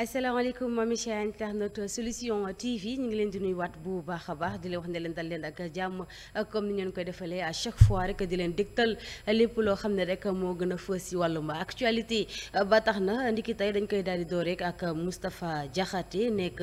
asalaamaaleykum mes chers internautes solution TV ñu ngi leen di nuyuwaat bu baax a baax di leen wax ne leen dal leen ak jàmm comme ni ngeen koy defalee à chaque fois rek di leen dégtal lépp loo xam ne rek moo gën a fës si wàllum actualité ba tax na ndiki tey dañ koy daal di door rek ak Moustapha Diakhaté nekk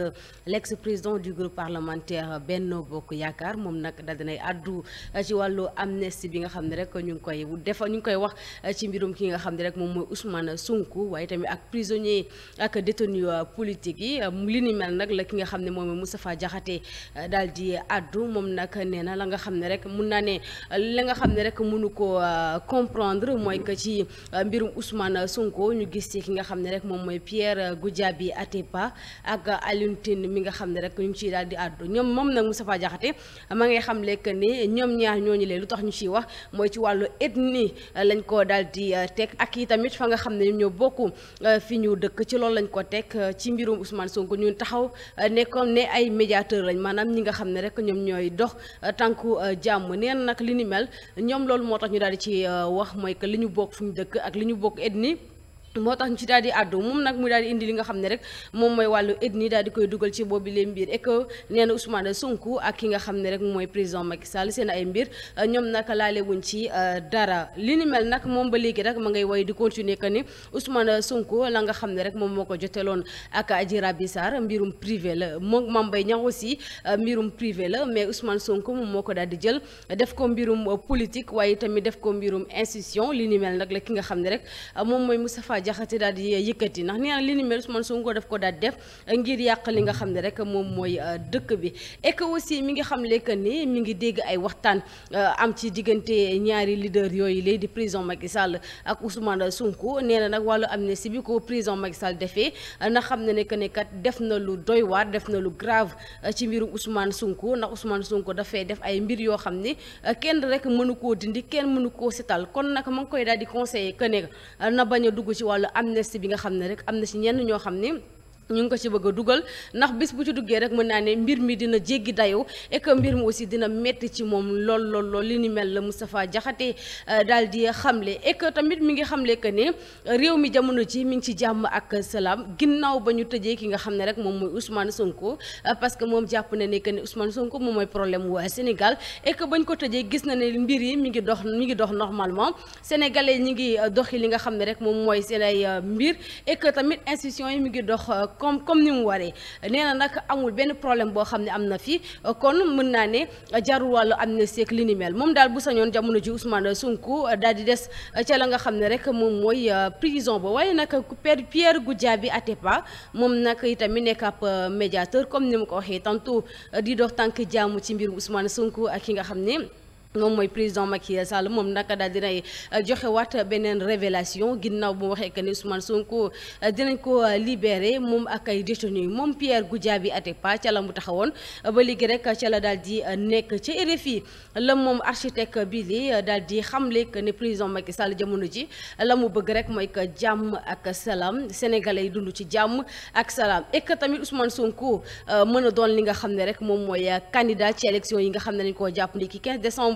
l'ex président du groupe parlementaire benn Bokk Yaakaar moom nag daal dinay àddu ci wàllu amnistie bi nga xam ne rek ñu ngi koy def ñu ngi koy wax ci mbirum ki nga xam ne rek moom mooy a sunk waaye tamit ak prisonnier ak détenu yu euh, politique yi euh, li ni mel nag la ki nga xam ne moom Moustapha Diakhaté euh, daal di addu moom nag nee na la nga xam ne rek mun naa ne la nga xam ne rek mënu ko comprendre mooy que ci mbirum Ousmane Sonko ñu gis ci ki nga xam ne rek moom mooy Pierre Goudiaby Atepa ak Alioune mi nga xam ne rek ñu ciy daal di addu ñoom moom nag mu Moustapha Diakhaté ma ngay xam lekk ni ñoom ñaar ñooñu leen lu tax ñu ciy wax mooy ci wàllu ethnie lañ ko daal di teg ak i tamit fa nga xam ne ñoom ñoo bokk fi ñu dëkk ci loolu lañ ko tek Euh, ci mbirum Ousmane Sonko ñun taxaw euh, ne ne ay médiateur lañ maanaam ñi nga xam ne rek ñoom ñooy dox euh, tànku jàmm neen nag li ni mel ñoom loolu moo tax ñu daal di ci wax mooy que li ñu bokk fu ñu dëkk ak li ñu bokk ethnie moo tax ñu ci daal di àddu moom nag mu daal di indi li nga xam ne rek moom mooy wàllu ethnie daal di koy dugal ci boobu lee mbir et que nee na Ousmane Sonko ak ki nga xam ne rek mooy président Macky Sall seen ay mbir euh, ñoom nag laale wuñ ci euh, dara li ni mel nag moom ba léegi rek ma ngay woy di continuer que ni Ousmane Sonko la nga xam ne rek moom moo ko joteloon ak Adji Raby Sarr mbirum privé la moom Mame Mbaye Niang aussi euh, mbirum privé la mais Ousmane Sonko moom moo ko daal di jël def ko mbirum politique waaye tamit def ko mbirum institution li ki nga xam ne rek jaxate daal di yëkkati ndax nee na li ni mel Ousmane Sonko daf ko daal def ngir yàq li nga xam ne rek moom mooy euh, dëkk bi et que mi ngi xam que ni mi ngi dégg ay waxtaan euh, am ci diggante ñaari leader yooyu léegi di président Macky Sall ak Ousmane Sonko nee na nag wàllu amnistie bi ko président Macky Sall defee euh, na xam ne ne que ne def na lu doy waar def na lu grave ci mbiru Ousmane Sonko ndax Ousmane Sonko dafay def ay mbir yoo xam ne kenn rek mënu koo dindi kenn mënu koo setal kon nag ma koy daal di bañ a dugg ci wàllu am wala si bi nga xam ne rek am na si ñenn ñoo xam ne ñu ngi ko ci bëgg a dugal ndax bis bu ci duggee rek mën naa ne mbir mi dina jéggi dayoo et mbir mi aussi dina metti ci moom lool lool lool li ni mel la Moustapha Diakhaté euh, daal di xamle et que tamit mi ngi xamle que ne réew mi jamono ji mi ngi ci jàmm ak salaam ginnaaw ba ñu tëjee ki nga xam ne rek moom mooy Ousmane Sonko euh, parce que moom jàpp na ne que ne Ousmane Sonko moom mooy problème waa Sénégal et que ko tëjee gis na ne mbir yi mi ngi dox mi ngi dox normalement sénégalais ñi ngi euh, doxi li nga xam ne rek moom mooy seen mbir et tamit institution yi mi ngi dox. comme comme ni mu waree nee na nag amul benn problème boo xam ne am na fi kon mën naa ne jarul wàllu amnistie ak li ni mel moom daal bu sañoon jamono ji Ousmane Sonko daal di des ca la nga xam ne rek moom mooy euh, prison ba waaye nag père Pierre Goudiaby Atepa moom nag itamit nekk ab euh, médiateur comme ni mu ko waxee tantôt euh, di dox tànk jaamu ci mbir Ousmane Sonko ak ki nga xam ne moom mooy président Macky Sall moom naka daal dinay euh, joxe waat beneen révélation ginnaaw bu waxee que ni Ousmane Sonko euh, dinañ ko euh, libéré moom ak ay détenus moom Pierre ate pa ca la mu taxawoon ba léegi rek ca la daal di nekk ca RFI la moom architecte bi li dal di xam xamle que ne président Macky Sall jamono ji la mu bëgg rek mooy que jàmm ak salaam sénégalais yi dund ci jàmm ak salaam et tamit Ousmane Sonko mën a doon li nga xam ne rek moom mooy candidat ci yi nga xam ne dañ koo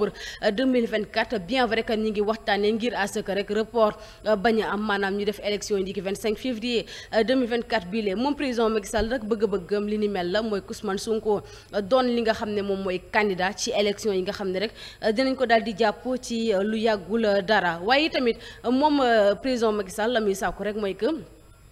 décembre 2024 euh, bien vrai que ñi ngi waxtaanee ngir à ce que rek report euh, bañ a am maanaam ñu def élection yi ndiki 25 février 2024 euh, bii lee moom président Macky Sall rek bëgg-bëggam li ni mel la mooy Ousmane Sonko doon li nga xam ne moom mooy candidat ci élection yi nga xam ne rek dinañ ko daal di jàpp ci lu yàggul dara waaye tamit moom président Macky Sall la muy sàkku rek mooy que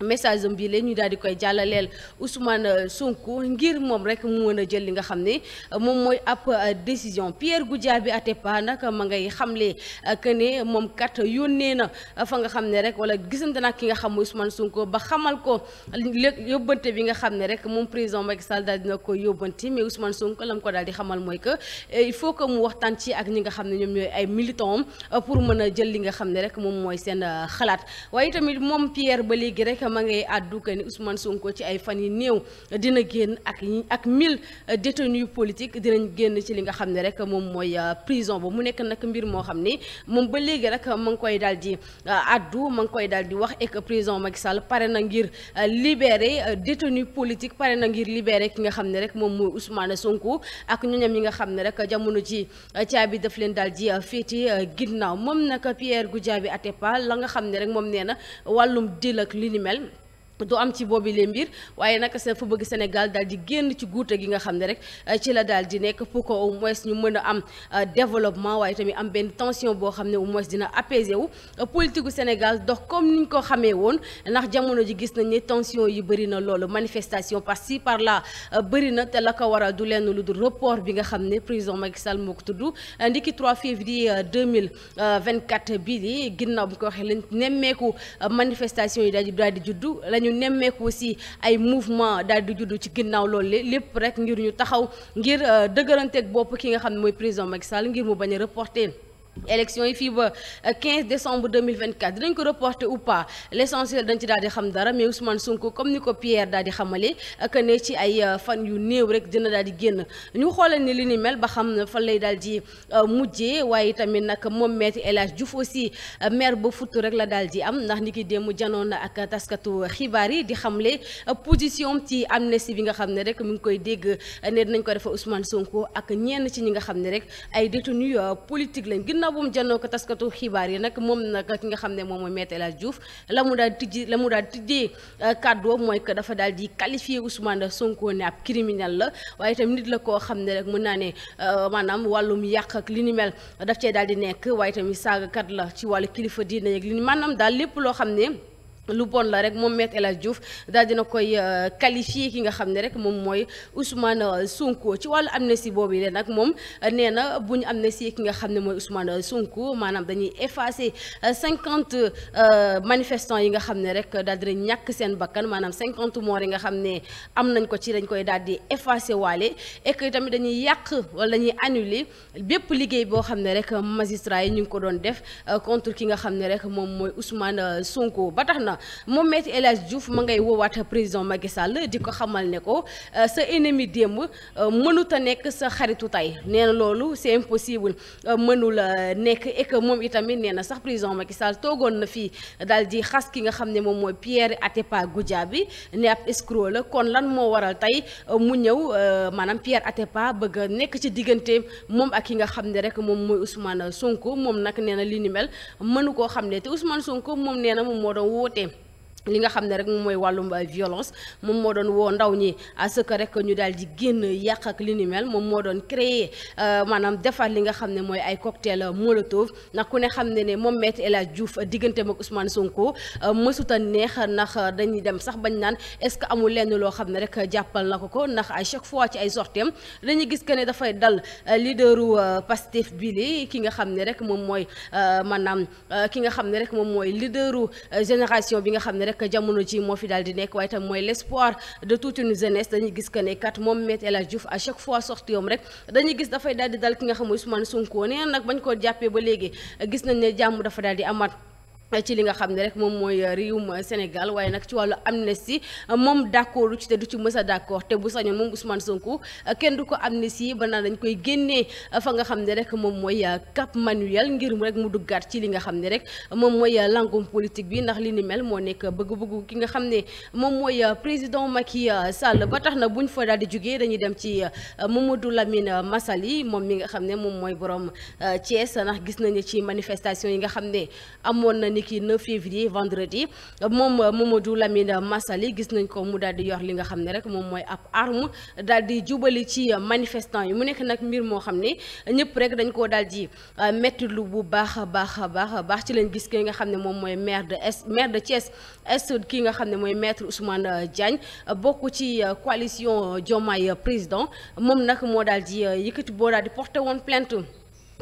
message am bii la ñu daal di koy jàllaleel Ousmane euh, Sonko ngir moom rek mu mën a jël li nga xam ne euh, moom mooy ab euh, décision Pierre Goudiaby Atepa nag ma ngay xamle que ne moom kat yónnee na fa nga xam ne rek wala gisante nag ki nga xam mooy Ousmane Sonko ba xamal ko léeg yóbbante bi nga xam ne rek moom président Macky dina ko yóbbante mais Ousmane Sonko lam ko daal di xamal mooy que il faut mu waxtaan ci ak ñi nga xam ne ñoom ñooy ay militants pour mën a jël li nga xam ne rek moom mooy seen xalaat waaye tamit moom Pierre ba léegi rek. ma ngay àddu que ni Ousmane Sonko ci ay fan yi néew dina génn ak ak mille détenus politiques dinañ génn ci li nga xam ne rek moom mooy euh, prison ba mu nekk nag mbir moo xam ni moom ba léegi rek ma ngi koy daal di euh, àddu ma ngi koy daal di wax et que prison Macky Sall na ngir euh, libérer détenus politiques pare na ngir libérer ki nga xam ne rek moom mooy Ousmane Sonko ak ñoñam yi nga xam ne rek jamono ji caabi daf leen daal di féeti ginnaaw moom nag Pierre Goudiaby Atepa la nga xam ne rek moom nee wàllum dil ak du am ci boobi lee mbir waaye nag seen fa bëgg Sénégal daal di génn ci guute gi nga xam ne rek euh, ci la daal di nekk pour que mois ñu mën a am euh, développement waaye tamit am benn tension boo xam ne au moins dina apaiser wu euh, politique gu Sénégal dox comme niñ ko xamee woon ndax jamono ji gis nañ ne tension yi bëri na loolu manifestation par ci par la bëri na te la ko waral du lenn lu dul report bi nga xam ne président Macky Sall moo ko tudd ndiki 3 février 2024 bii di ginnaaw bi ko waxee lañ nemmeeku manifestation yi daal di daal di juddu ñu nemmeeku aussi ay mouvement daal di juddu ci ginnaaw loolu lépp rek ngir ñu taxaw ngir euh, dëgëranteeg bopp ki nga xam ne mooy président Macky Sall ngir mu bañ a reporter election yi fii ba 15 euh, décembre 2024 dinañ ko reporter ou pas l' essentiel dañ ci daal di xam dara mais Ousmane Sonko comme ni ko Pierre daal di xamale euh, que ne ci ay euh, fan yu néew rek dina daal di génn ñu xoolal ni li ni mel ba xam ne fan lay daal di mujjee waaye tamit nag moom maître El Hadj Diouf aussi maire ba futt rek la daal di am ndax ni ki démb janoon na ak taskatu xibaar yi di xam xamle position ci amnistie bi nga xam ne rek mu ngi koy dégg ne dinañ ko defa Ousmane Sonko ak ñenn ci ñi nga xam ne rek ay détenus ginnaaw bu mu jëndoo ko taskatu xibaar yi nag moom nag ki nga xam ne moom mooy Maître El la mu daal tijji la mu daal tijjee euh, kàddu mooy que dafa daal di qualifier Ousmane Sonko ne ab criminel la waaye itam nit la koo xam ne rek mën naa ne euh, maanaam wàllum yàq ak li nu mel daf cee daal di nekk waaye tamit saagakat la ci wàllu kilifa diine yeeg li maanaam daal lépp loo xam ne lu bon la rek moom Me El Hadji Diouf daal dina koy euh, qualifié ki nga xam ne rek moom mooy Ousmane euh, Sonko ci wàllu amnistie boobu yi nag moom euh, nee na bu ñu amnistie ki nga xam ne mooy Ousmane Sonko maanaam dañuy effacé cinquante manifestants yi nga xam ne rek daal ñàkk seen bakkan maanaam cinquante morts yi nga xam ne am nañ ko ci dañ koy daal di effacé waale et tamit dañuy yàq wala dañuy annulé bépp liggéey boo xam ne rek magistrat yi ñu ngi ko doon def contre ki nga xam ne rek moom mooy Ousmane Sonko ba tax na. moom Maître El Hadji Diouf ma ngay woowaat président Macky Sall di ko xamal ne ko euh, sa ennemi démb euh, mënut a nekk sa xaritu tey nee na loolu c'est impossible euh, mënul nekk et que moom itamit nee na sax président Macky Sall toogoon na fii daal di xas ki nga xam ne moom mooy Pierre Atepa Goudiaby ne ab escroc la kon lan moo waral tey mu ñëw maanaam Pierre Atepa bëgg nekk ci digganteem moom ak ki nga xam ne rek moom mooy Ousmane Sonko moom nag nee na li mënu koo xam ne te Ousmane Sonko moom nee moom moo doon woote li nga xam ne rek moom mooy wàllum euh, violence moom moo doon woo ndaw ñi à que rek ñu daal di génn yàq ak li ni moom moo doon créer euh, maanaam defar li nga xam ne mooy ay cocktail molotov ndax ku ne xam ne ne moom Maître El Hadji Diouf diggante ak Ousmane Sonko euh, mësuta neex ndax dañuy dem sax bañ naan est-ce que amul lenn loo xam ne rek jàppal na ko ko ndax à fois ci ay sorteem dañuy gis que ne dafay dal leaderu Pastef bili ki nga xam ne rek moom mooy maanaam ki nga xam ne rek moom mooy leaderu génération bi nga xam ne rek jamono ji moo fi daal di nekk waaye tam mooy l'espoir de toute une jeunesse dañuy gis que ne kat moom Me El Hadji Diouf à chaque fois sorti yom rek dañuy gis dafay daal di dal ki nga xam mooy Ousmane Sonko nee nag bañ koo jàppee ba léegi gis nañ ne jàmm dafa daal di amaat ci li nga xam ne rek moom mooy euh, réewum euh, Sénégal waaye nag ci wàllu amnistie euh, moom d'accord ci te du ci mës a d'accord te bu sañoon moom Ousmane Sonko kenn du ko amnistie ba naa dañ koy génnee fa nga xam ne rek moom mooy Cap Manuel ngir rek mu duggaat ci li nga xam ne rek moom mooy langum politique bi ndax li ni mel moo nekk bëgg-bëggu ki nga xam ne moom mooy président Macky Sall ba tax na buñ fa daal di jógee dañuy dem ci Mamadou Lamine Massaly moom mi nga xam ne moom mooy borom Thiès ndax gis nañu ci manifestation yi nga xam ne amoon niki 9 février vendredi moom moom Mamadou Lamine Massaly gis nañ ko mu daal di yor li nga xam ne rek moom mooy ab arme daal di jubali ci manifestant yi mu nekk nag mbir moo xam ne ñëpp rek dañ koo daal di euh, metti lu bu baax a baax a baax baax ci lañ gis ki nga xam ne moom mooy maire de est maire de Thiès est ki nga xam ne mooy maître Ousmane Diagne bokk ci euh, coalition Diomaye président moom nag moo daal di euh, yëkkati boo daal di porté woon plainte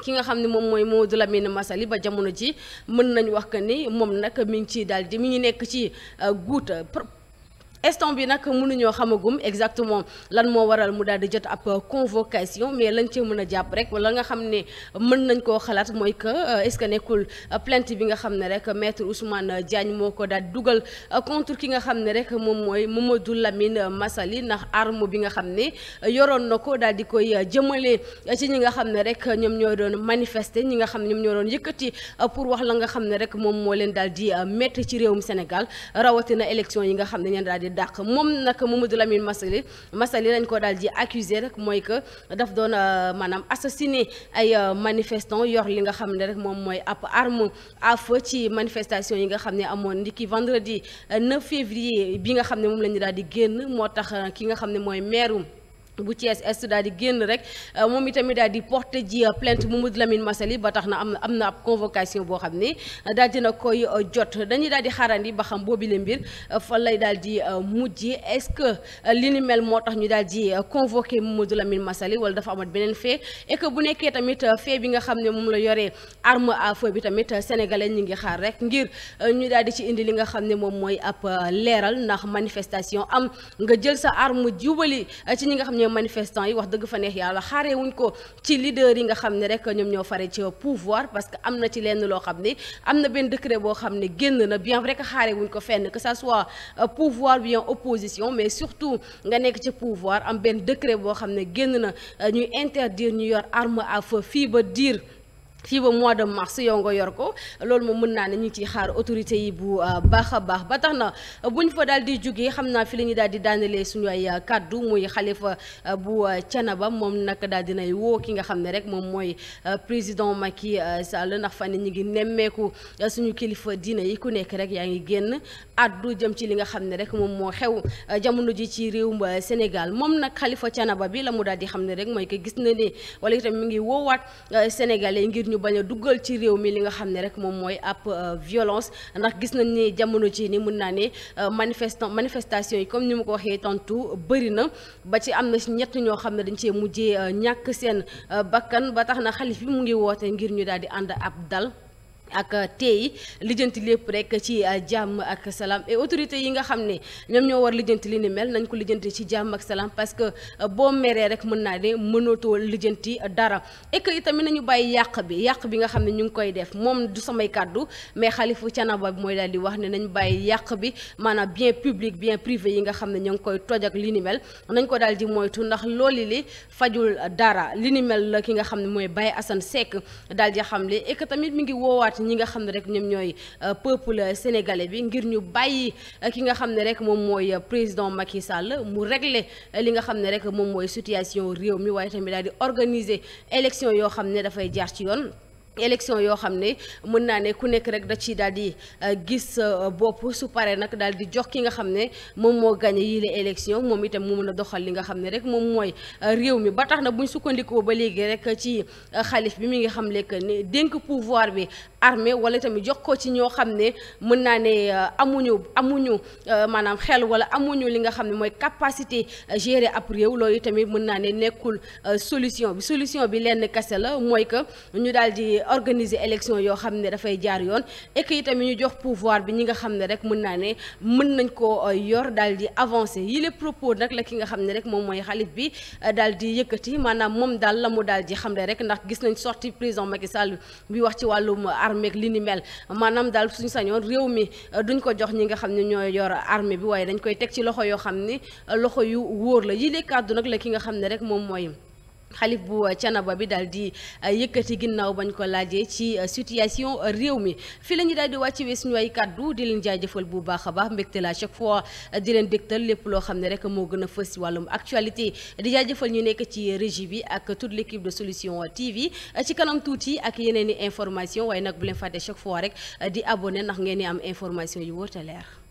ki nga xam ne moom mooy moo Mamadou Lamine Massaly ba jamono ji mën nañu wax que ni moom nag mi ngi ciy daal di mi ngi nekk ci euh, guuta eston bi nag mënuñoo xamagum exactement lan moo waral mu daal di jot ab convocation mais lañ cee mën a jàpp rek wala nga xam ne mën nañ koo xalaat mooy que euh, est-ce que nekkul euh, plainte bi nga xam ne rek maître Ousmane Diagne moo ko daal dugal euh, contre ki nga xam ne rek moom mooy Mamadou Lamine Massaly ndax arme bi nga xam ne yoroon na ko daal di koy jëmale ci ñi nga xam ne rek ñoom ñoo doon manifester ñi xam ne ñoom ñoo doon yëkkati pour wax la nga xam ne rek moom moo leen daal di métti ci réewum Sénégal rawatina élection yi nga xam ne ñeen daal di dàq moom nag Mamadou Lamine Massaly Massaly lañ ko daal ji accuser rek mooy que daf doon euh, maanaam assassiné ay euh, manifestant yor li nga xam ne rek moom mooy ab arme à ci manifestation yi nga xam ne amoon ndiki vendredi 9 euh, février bi nga xam ne moom la ñu daal di génn moo tax ki nga xam ne mooy meeru bu Thiès Est daal di génn rek euh, moom itamit daal di porté ji euh, plainte Mamadou Lamine Massaly ba tax na am na am na ab convocation boo xam ne euh, daal di xaarandi ba xam boobile mbir fan lay daal di mujj est-ce que li ni mel moo tax ñu daal di convoqué Mamadou Lamine Massaly wala dafa amat beneen fee et que bu nekkee tamit fee bi nga xam ne moom la yoree arme à feu bi tamit sénégalais ñu ngi xaar rek ngir ñu daal di ci indi li nga xam ne moom mooy ab leeral ndax manifestation am nga jël sa arme jubali ci ñi nga manifestant yi wax dëgg fa neex yàlla xaaree wuñ ko ci leader yi nga xam ne rek ñoom ñoo fare ci pouvoir parce que am na ci lenn loo xam ne am na benn décret boo xam ne génn na bien vrai que xaaree ko fenn que ça soit euh, pouvoir bien opposition mais surtout nga nekk ci pouvoir am benn décret boo xam ne génn na euh, ñuy interdire ñu yor arme à feu fii ba diir fii ba mois de mars yow nga yor ko loolu moom mën naa ne ñu ngi ciy xaar autorité yi bu euh, baax a baax ba tax na buñ fa daal di jógee xam naa fi la daal di daanelee suñu ay euh, kàddu muy xalifa euh, bu Thiénaba moom nag daal dinay woo ki nga xam ne rek moom mooy président Macky Sall ndax fan ñi ngi nemmeeku suñu kilifa diine yi ku nekk rek yaa ngi génn addu jëm ci li nga xam ne rek moom moo xew jamono ji ci réewum Sénégal moom nag xalifa canaba bi la mu daal di xam ne rek mooy que gis na ne wala itam mi ngi wowaat Sénégalais ngir ñu bañ a duggal ci réew mi li nga xam ne rek moom mooy ab euh, violence ndax gis nañ ne jamono ji ni mun naa ne euh, manifestant manifestation yi comme ni ma ko waxee tontu bëri na ba ci am na si ñett ñoo xam ne dañ cee mujjee euh, ñàkk seen bakkan ba tax na xalif bi mu ngi woote ngir ñu daal di ànd ab dal ak tey lijjanti lépp rek ci euh, jàmm ak salaam et autorités yi nga xam ne ñoom ñoo war lijjanti li ni mel nañ ko lijjanti ci jàmm ak salaam que euh, boo meree rek mën naa ne mënatoo lijjanti dara et que itamit nañu bàyyi yàq bi yàq bi nga xam ne ñu ngi koy def moom du samay kàddu mais xalifu canaba bi mooy daal di wax ne nañ bàyyi yàq bi maanaam bien public bien privé yi nga xam ne ñoo ngi koy toj ak li ni mel nañ ko daal di moytu ndax loolu li fajul dara li ni mel la ki nga xam ne mooy Baye Assane Seck daal di xam li et tamit mi ngi woowaat ci ñi nga xam ne rek ñoom ñooy euh, peuple sénégalais bi ngir ñu bàyyi euh, ki nga xam ne rek moom mooy euh, président Macky Sall mu régler li nga xam ne rek moom mooy situation réew mi waaye tamit daal di organiser élection yoo xam ne dafay jaar ci yoon élection yoo xam ne mën naa ne ku nekk rek da ci daal di euh, gis euh, bopp su paree nag daal di jox ki nga xam ne moom moo gagné yii la élection moom itam mu mën a doxal li nga xam ne rek moom mooy euh, réew mi ba tax na bu sukkandikoo ba léegi rek ci xalif bi mi ngi xam lekk ne dénk pouvoir bi armée wala tamit jox ko ci ñoo xam ne mën naa ne amuñu amuñu maanaam xel wala amuñu li nga xam ne mooy capacité gérer ab réew loolu tamit mun naa ne nekkul solution bi solution bi lenn kese la mooy que ñu daal di organiser élection yoo xam ne dafay jaar yoon et que itamit ñu jox pouvoir bi ñi nga xam ne rek mën naa ne mën nañ koo euh, yor daal di avancer yi les propos nag la ki nga xam ne rek moom mooy xalif bi euh, daal di yëkkati maanaam moom daal la mu daal di xamle rek ndax gis nañ sorti président Macky Sall bi wax ci wàllum armée li ni mel maanaam daal suñu sañoon réew mi euh, duñ ko jox ñi nga xam ne ñooy yor armée bi waaye dañ koy teg ci loxo yoo xam ni loxo yu wóor la yi les kàddu nag la ki nga xam ne rek moom mooy xalif bu canaba bi daal di eh, yëkkati ginnaaw bañ ko laajee ci eh, situation eh, réew mi fii la ñu daal di wàcc wee suñu ay kàddu di leen jaajëfal bu baax a baax mbégte la chaque fois di leen dégtal lépp loo xam ne rek moo gën a fës ci wàllum actualité di jaajëfal ñu nekk ci régi bi ak toute l'équipe de solution TV ci kanam tuuti ak yeneen i information waaye nag bu leen fàtte chaque fois rek di abonné ndax ngeen di am information yu wóor leer